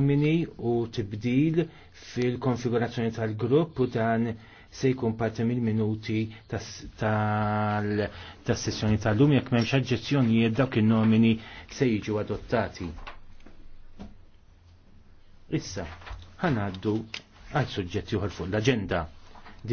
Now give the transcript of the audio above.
fenomeni u tibdil fil-konfigurazzjoni tal-grupp u dan se jkun parti mill-minuti tas-sessjoni tal-lum jekk m'hemmx aġġezzjonijiet dawk in-nomini se jiġu adottati. Issa, ħanaddu għal suġġetti uħor fuq l-aġenda.